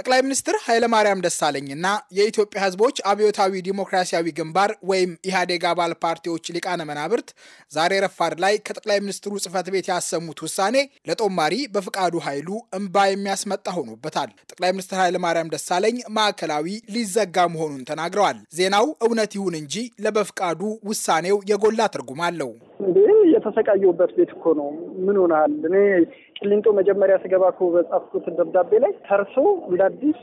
ጠቅላይ ሚኒስትር ኃይለማርያም ደሳለኝና የኢትዮጵያ ሕዝቦች አብዮታዊ ዲሞክራሲያዊ ግንባር ወይም ኢህአዴግ አባል ፓርቲዎች ሊቃነ መናብርት ዛሬ ረፋድ ላይ ከጠቅላይ ሚኒስትሩ ጽህፈት ቤት ያሰሙት ውሳኔ ለጦማሪ በፍቃዱ ኃይሉ እምባ የሚያስመጣ ሆኖበታል። ጠቅላይ ሚኒስትር ኃይለማርያም ደሳለኝ ማዕከላዊ ሊዘጋ መሆኑን ተናግረዋል። ዜናው እውነት ይሁን እንጂ ለበፍቃዱ ውሳኔው የጎላ ትርጉም አለው። እንዴ የተሰቃየሁበት ቤት እኮ ነው። ምን ሆናል? እኔ ቅሊንጦ መጀመሪያ ስገባ እኮ በጻፍኩትን ደብዳቤ ላይ ተርሶ እንደ አዲስ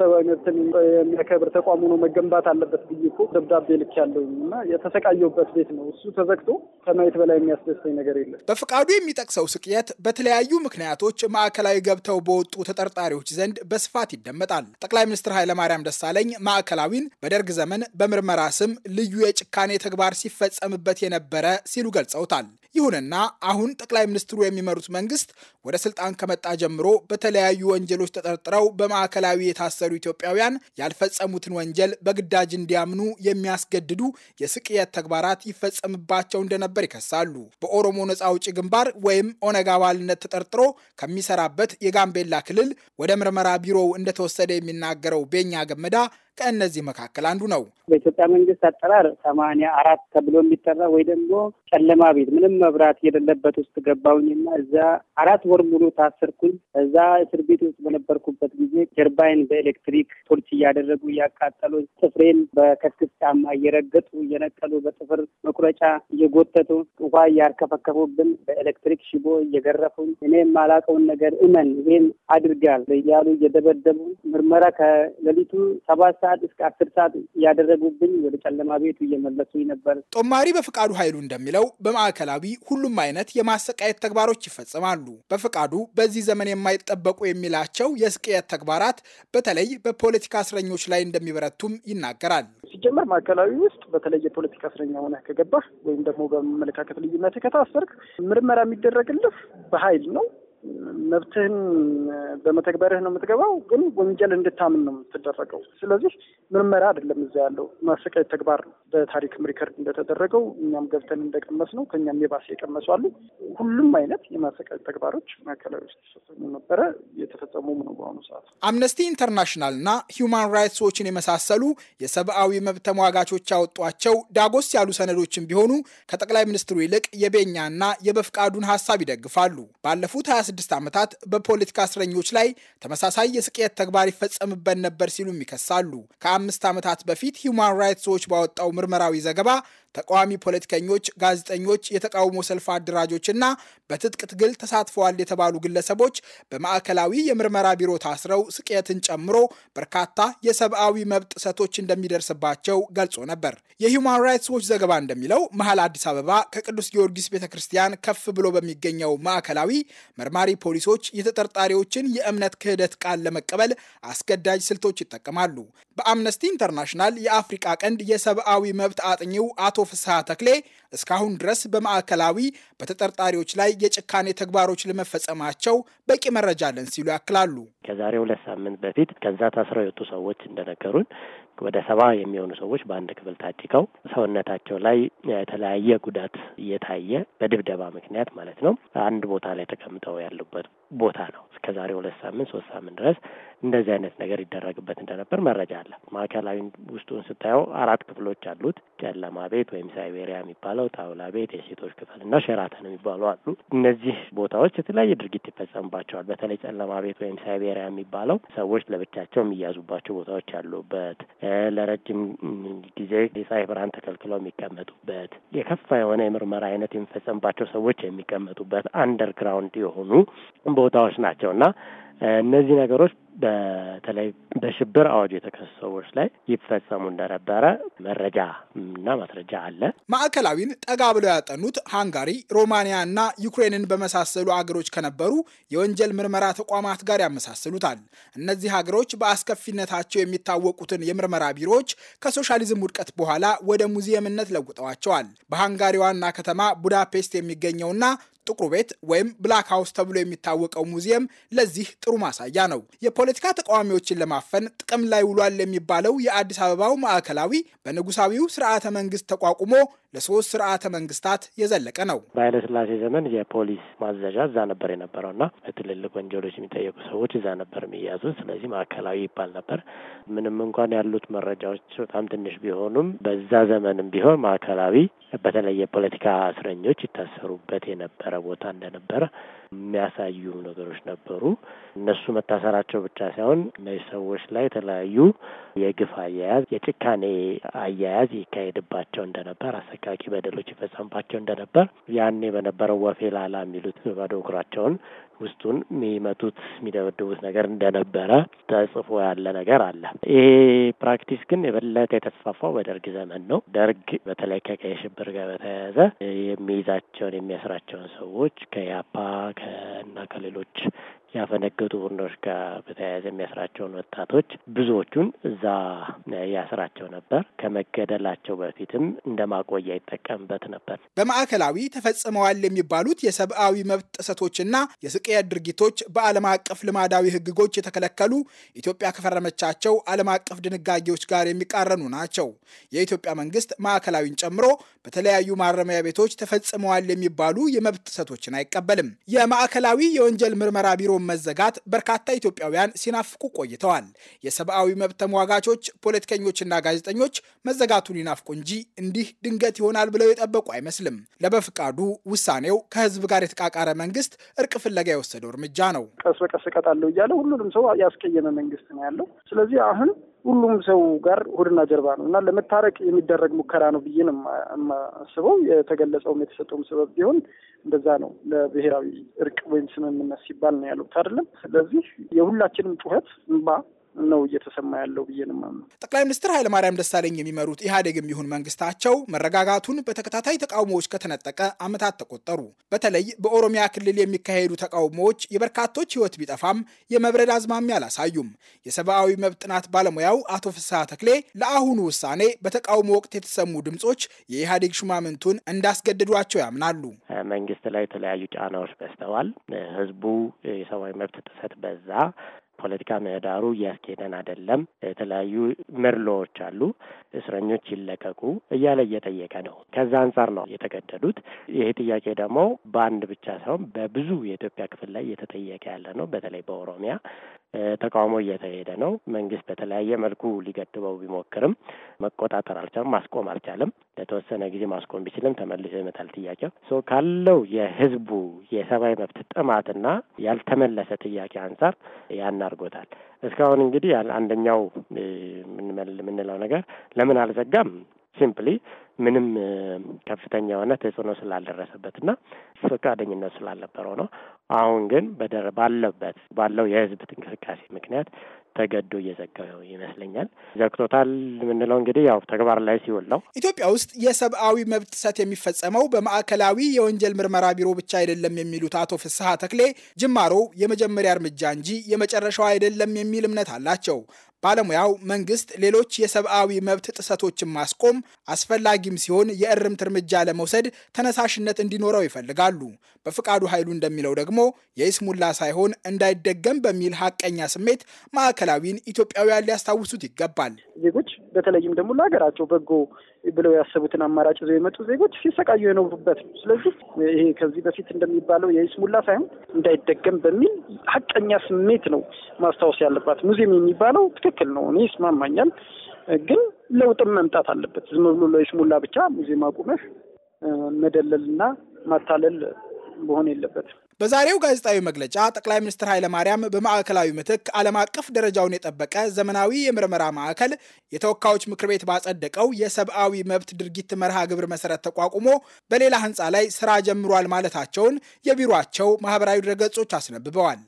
ሰብአዊ መብትን የሚያከብር ተቋም ሆኖ መገንባት አለበት ብዬ እኮ ደብዳቤ ልክ ያለው እና የተሰቃየሁበት ቤት ነው እሱ ተዘግቶ ከማየት በላይ የሚያስደስተኝ ነገር የለም። በፍቃዱ የሚጠቅሰው ስቅየት በተለያዩ ምክንያቶች ማዕከላዊ ገብተው በወጡ ተጠርጣሪዎች ዘንድ በስፋት ይደመጣል። ጠቅላይ ሚኒስትር ኃይለማርያም ደሳለኝ ማዕከላዊን በደርግ ዘመን በምርመራ ስም ልዩ የጭካኔ ተግባር ሲፈጸምበት የነበረ ሲሉ ገልጸውታል። ይሁንና አሁን ጠቅላይ ሚኒስትሩ የሚመሩት መንግስት ወደ ስልጣን ከመጣ ጀምሮ በተለያዩ ወንጀሎች ተጠርጥረው በማዕከላዊ የታሰሩ ኢትዮጵያውያን ያልፈጸሙትን ወንጀል በግዳጅ እንዲያምኑ የሚያስገድዱ የስቅየት ተግባራት ይፈጸምባቸው እንደነበር ይከሳሉ። በኦሮሞ ነጻ አውጪ ግንባር ወይም ኦነግ አባልነት ተጠርጥሮ ከሚሰራበት የጋምቤላ ክልል ወደ ምርመራ ቢሮው እንደተወሰደ የሚናገረው ቤኛ ገመዳ ከእነዚህ መካከል አንዱ ነው። በኢትዮጵያ መንግስት አጠራር ሰማንያ አራት ተብሎ የሚጠራ ወይ ደግሞ ጨለማ ቤት ምንም መብራት የሌለበት ውስጥ ገባሁኝና እዛ አራት ወር ሙሉ ታሰርኩኝ። እዛ እስር ቤት ውስጥ በነበርኩበት ጊዜ ጀርባይን በኤሌክትሪክ ቶርች እያደረጉ እያቃጠሉ፣ ጥፍሬን በከስክስ ጫማ እየረገጡ እየነቀሉ፣ በጥፍር መቁረጫ እየጎተቱ፣ ውሃ እያርከፈከፉብን፣ በኤሌክትሪክ ሽቦ እየገረፉኝ፣ እኔ የማላውቀውን ነገር እመን ይሄን አድርጋል እያሉ እየደበደቡ ምርመራ ከሌሊቱ ሰባት ሰዓት እስከ አስር ሰዓት እያደረጉብኝ ወደ ጨለማ ቤቱ እየመለሱኝ ነበር። ጦማሪ በፍቃዱ ኃይሉ እንደሚለው በማዕከላዊ ሁሉም አይነት የማሰቃየት ተግባሮች ይፈጽማሉ። በፍቃዱ በዚህ ዘመን የማይጠበቁ የሚላቸው የስቅየት ተግባራት በተለይ በፖለቲካ እስረኞች ላይ እንደሚበረቱም ይናገራል። ሲጀመር ማዕከላዊ ውስጥ በተለይ የፖለቲካ እስረኛ ሆነ ከገባህ ወይም ደግሞ በአመለካከት ልዩነት ከታሰርክ ምርመራ የሚደረግልህ በኃይል ነው። መብትህን በመተግበርህ ነው የምትገባው፣ ግን ወንጀል እንድታምን ነው የምትደረገው። ስለዚህ ምርመራ አይደለም እዛ ያለው ማሰቃየት ተግባር ነው። በታሪክም ሪከርድ እንደተደረገው እኛም ገብተን እንደቀመስ ነው ከኛም የባሰ የቀመሱ አሉ። ሁሉም አይነት የማሰቃየት ተግባሮች ማዕከላዊ ውስጥ ሲፈጸሙ ነበረ፣ እየተፈጸሙ ነው በአሁኑ ሰዓት። አምነስቲ ኢንተርናሽናል እና ሂውማን ራይትስ ዎችን የመሳሰሉ የሰብአዊ መብት ተሟጋቾች ያወጧቸው ዳጎስ ያሉ ሰነዶችን ቢሆኑ ከጠቅላይ ሚኒስትሩ ይልቅ የቤኛና የበፍቃዱን ሀሳብ ይደግፋሉ። ባለፉት ለ16 ዓመታት በፖለቲካ እስረኞች ላይ ተመሳሳይ የስቅየት ተግባር ይፈጸምበት ነበር ሲሉም ይከሳሉ። ከአምስት ዓመታት በፊት ሂውማን ራይትስ ዎች ባወጣው ምርመራዊ ዘገባ ተቃዋሚ ፖለቲከኞች፣ ጋዜጠኞች፣ የተቃውሞ ሰልፍ አደራጆችና በትጥቅ ትግል ተሳትፈዋል የተባሉ ግለሰቦች በማዕከላዊ የምርመራ ቢሮ ታስረው ስቅየትን ጨምሮ በርካታ የሰብአዊ መብት ጥሰቶች እንደሚደርስባቸው ገልጾ ነበር። የሂውማን ራይትስ ዎች ዘገባ እንደሚለው መሀል አዲስ አበባ ከቅዱስ ጊዮርጊስ ቤተ ክርስቲያን ከፍ ብሎ በሚገኘው ማዕከላዊ መርማሪ ፖሊሶች የተጠርጣሪዎችን የእምነት ክህደት ቃል ለመቀበል አስገዳጅ ስልቶች ይጠቀማሉ። በአምነስቲ ኢንተርናሽናል የአፍሪቃ ቀንድ የሰብአዊ መብት አጥኚው አቶ አቶ ፍስሐ ተክሌ እስካሁን ድረስ በማዕከላዊ በተጠርጣሪዎች ላይ የጭካኔ ተግባሮች ለመፈጸማቸው በቂ መረጃ አለን ሲሉ ያክላሉ። ከዛሬ ሁለት ሳምንት በፊት ከዛ ታስረው የወጡ ሰዎች እንደነገሩን ወደ ሰባ የሚሆኑ ሰዎች በአንድ ክፍል ታጭቀው ሰውነታቸው ላይ የተለያየ ጉዳት እየታየ በድብደባ ምክንያት ማለት ነው አንድ ቦታ ላይ ተቀምጠው ያሉበት ቦታ ነው። እስከ ዛሬ ሁለት ሳምንት ሶስት ሳምንት ድረስ እንደዚህ አይነት ነገር ይደረግበት እንደነበር መረጃ አለ። ማዕከላዊ ውስጡን ስታየው አራት ክፍሎች አሉት። ጨለማ ቤት ወይም ሳይቤሪያ የሚባለው፣ ጣውላ ቤት፣ የሴቶች ክፍል እና ሸራተን የሚባሉ አሉ። እነዚህ ቦታዎች የተለያየ ድርጊት ይፈጸምባቸዋል። በተለይ ጨለማ ቤት ወይም ሳይቤሪያ የሚባለው ሰዎች ለብቻቸው የሚያዙባቸው ቦታዎች ያሉበት፣ ለረጅም ጊዜ የፀሐይ ብርሃን ተከልክለው የሚቀመጡበት፣ የከፋ የሆነ የምርመራ አይነት የሚፈጸምባቸው ሰዎች የሚቀመጡበት አንደርግራውንድ የሆኑ ቦታዎች ናቸው እና እነዚህ ነገሮች በተለይ በሽብር አዋጁ የተከሰሱ ሰዎች ላይ ይፈጸሙ እንደነበረ መረጃ እና ማስረጃ አለ። ማዕከላዊን ጠጋ ብለው ያጠኑት ሃንጋሪ፣ ሮማንያ እና ዩክሬንን በመሳሰሉ አገሮች ከነበሩ የወንጀል ምርመራ ተቋማት ጋር ያመሳስሉታል። እነዚህ ሀገሮች በአስከፊነታቸው የሚታወቁትን የምርመራ ቢሮዎች ከሶሻሊዝም ውድቀት በኋላ ወደ ሙዚየምነት ለውጠዋቸዋል። በሃንጋሪ ዋና ከተማ ቡዳፔስት የሚገኘውና ጥቁር ቤት ወይም ብላክ ሃውስ ተብሎ የሚታወቀው ሙዚየም ለዚህ ጥሩ ማሳያ ነው። የፖለቲካ ተቃዋሚዎችን ለማፈን ጥቅም ላይ ውሏል የሚባለው የአዲስ አበባው ማዕከላዊ በንጉሳዊው ስርዓተ መንግስት ተቋቁሞ ለሶስት ስርዓተ መንግስታት የዘለቀ ነው። በኃይለስላሴ ዘመን የፖሊስ ማዘዣ እዛ ነበር የነበረው እና በትልልቅ ወንጀሎች የሚጠየቁ ሰዎች እዛ ነበር የሚያዙ። ስለዚህ ማዕከላዊ ይባል ነበር። ምንም እንኳን ያሉት መረጃዎች በጣም ትንሽ ቢሆኑም በዛ ዘመንም ቢሆን ማዕከላዊ በተለይ የፖለቲካ እስረኞች ይታሰሩበት የነበረ ቦታ እንደነበረ የሚያሳዩ ነገሮች ነበሩ። እነሱ መታሰራቸው ብቻ ሳይሆን እነዚህ ሰዎች ላይ የተለያዩ የግፍ አያያዝ፣ የጭካኔ አያያዝ ይካሄድባቸው እንደነበር፣ አሰቃቂ በደሎች ይፈጸምባቸው እንደነበር ያኔ በነበረው ወፌ ላላ የሚሉት ባዶ እግሯቸውን ውስጡን የሚመቱት የሚደበድቡት ነገር እንደነበረ ተጽፎ ያለ ነገር አለ። ይሄ ፕራክቲስ ግን የበለጠ የተስፋፋው በደርግ ዘመን ነው። ደርግ በተለይ ከቀይ ሽብር ጋር በተያያዘ የሚይዛቸውን የሚያስራቸውን ሰዎች ከያፓ እና ከሌሎች ያፈነገጡ ቡድኖች ጋር በተያያዘ የሚያስራቸውን ወጣቶች ብዙዎቹን እዛ ያስራቸው ነበር። ከመገደላቸው በፊትም እንደ ማቆያ ይጠቀምበት ነበር። በማዕከላዊ ተፈጽመዋል የሚባሉት የሰብአዊ መብት ጥሰቶችና የስቅ የስርቆት ድርጊቶች በዓለም አቀፍ ልማዳዊ ህግጎች የተከለከሉ ኢትዮጵያ ከፈረመቻቸው ዓለም አቀፍ ድንጋጌዎች ጋር የሚቃረኑ ናቸው። የኢትዮጵያ መንግስት ማዕከላዊን ጨምሮ በተለያዩ ማረሚያ ቤቶች ተፈጽመዋል የሚባሉ የመብት ጥሰቶችን አይቀበልም። የማዕከላዊ የወንጀል ምርመራ ቢሮ መዘጋት በርካታ ኢትዮጵያውያን ሲናፍቁ ቆይተዋል። የሰብአዊ መብት ተሟጋቾች፣ ፖለቲከኞችና ጋዜጠኞች መዘጋቱን ይናፍቁ እንጂ እንዲህ ድንገት ይሆናል ብለው የጠበቁ አይመስልም። ለበፍቃዱ ውሳኔው ከህዝብ ጋር የተቃቃረ መንግስት እርቅ ፍለጋ የወሰደው እርምጃ ነው። ቀስ በቀስ እቀጣለሁ እያለ ሁሉንም ሰው ያስቀየመ መንግስት ነው ያለው። ስለዚህ አሁን ሁሉም ሰው ጋር ሆድና ጀርባ ነው እና ለመታረቅ የሚደረግ ሙከራ ነው ብዬ ነው የማስበው። የተገለጸውም የተሰጠውም ሰበብ ቢሆን እንደዛ ነው። ለብሔራዊ እርቅ ወይም ስምምነት ሲባል ነው ያሉት አይደለም። ስለዚህ የሁላችንም ጩኸት እንባ ነው እየተሰማ ያለው ብዬ ነው የማምነው። ጠቅላይ ሚኒስትር ኃይለማርያም ደሳለኝ የሚመሩት ኢህአዴግም ይሁን መንግስታቸው መረጋጋቱን በተከታታይ ተቃውሞዎች ከተነጠቀ ዓመታት ተቆጠሩ። በተለይ በኦሮሚያ ክልል የሚካሄዱ ተቃውሞዎች የበርካቶች ህይወት ቢጠፋም የመብረድ አዝማሚያ አላሳዩም። የሰብአዊ መብት ጥናት ባለሙያው አቶ ፍስሐ ተክሌ ለአሁኑ ውሳኔ በተቃውሞ ወቅት የተሰሙ ድምጾች የኢህአዴግ ሹማምንቱን እንዳስገድዷቸው ያምናሉ። መንግስት ላይ የተለያዩ ጫናዎች በስተዋል። ህዝቡ የሰብአዊ መብት ጥሰት በዛ ፖለቲካ ምህዳሩ እያስኬደን አይደለም፣ የተለያዩ መርሎዎች አሉ፣ እስረኞች ይለቀቁ እያለ እየጠየቀ ነው። ከዛ አንጻር ነው የተገደዱት። ይሄ ጥያቄ ደግሞ በአንድ ብቻ ሳይሆን በብዙ የኢትዮጵያ ክፍል ላይ እየተጠየቀ ያለ ነው። በተለይ በኦሮሚያ ተቃውሞ እየተሄደ ነው። መንግስት በተለያየ መልኩ ሊገድበው ቢሞክርም መቆጣጠር አልቻለም፣ ማስቆም አልቻለም። ለተወሰነ ጊዜ ማስቆም ቢችልም ተመልሶ ይመታል ጥያቄው ሶ ካለው የህዝቡ የሰብአዊ መብት ጥማትና ያልተመለሰ ጥያቄ አንጻር ያን አድርጎታል። እስካሁን እንግዲህ አንደኛው የምንለው ነገር ለምን አልዘጋም ሲምፕሊ ምንም ከፍተኛ የሆነ ተጽዕኖ ስላልደረሰበትና ፈቃደኝነት ስላልነበረው ነው። አሁን ግን ባለበት ባለው የህዝብ እንቅስቃሴ ምክንያት ተገዶ እየዘገበው ይመስለኛል። ዘግቶታል የምንለው እንግዲህ ያው ተግባር ላይ ሲውል ነው። ኢትዮጵያ ውስጥ የሰብአዊ መብት ጥሰት የሚፈጸመው በማዕከላዊ የወንጀል ምርመራ ቢሮ ብቻ አይደለም የሚሉት አቶ ፍስሐ ተክሌ ጅማሮው የመጀመሪያ እርምጃ እንጂ የመጨረሻው አይደለም የሚል እምነት አላቸው። ባለሙያው መንግስት ሌሎች የሰብአዊ መብት ጥሰቶችን ማስቆም አስፈላጊም ሲሆን የእርምት እርምጃ ለመውሰድ ተነሳሽነት እንዲኖረው ይፈልጋሉ። በፍቃዱ ኃይሉ እንደሚለው ደግሞ የይስሙላ ሳይሆን እንዳይደገም በሚል ሀቀኛ ስሜት ማዕከ ማዕከላዊን ኢትዮጵያውያን ሊያስታውሱት ይገባል። ዜጎች በተለይም ደግሞ ለሀገራቸው በጎ ብለው ያሰቡትን አማራጭ ይዘው የመጡ ዜጎች ሲሰቃዩ የኖሩበት ነው። ስለዚህ ይሄ ከዚህ በፊት እንደሚባለው የይስሙላ ሳይሆን እንዳይደገም በሚል ሀቀኛ ስሜት ነው ማስታወስ ያለባት። ሙዚየም የሚባለው ትክክል ነው፣ እኔ ይስማማኛል። ግን ለውጥም መምጣት አለበት። ዝም ብሎ ለይስሙላ ብቻ ሙዚየም አቁመሽ መደለልና ማታለል መሆን የለበትም። በዛሬው ጋዜጣዊ መግለጫ ጠቅላይ ሚኒስትር ኃይለማርያም በማዕከላዊ ምትክ ዓለም አቀፍ ደረጃውን የጠበቀ ዘመናዊ የምርመራ ማዕከል የተወካዮች ምክር ቤት ባጸደቀው የሰብአዊ መብት ድርጊት መርሃ ግብር መሰረት ተቋቁሞ በሌላ ህንፃ ላይ ስራ ጀምሯል ማለታቸውን የቢሮቸው ማህበራዊ ድረገጾች አስነብበዋል።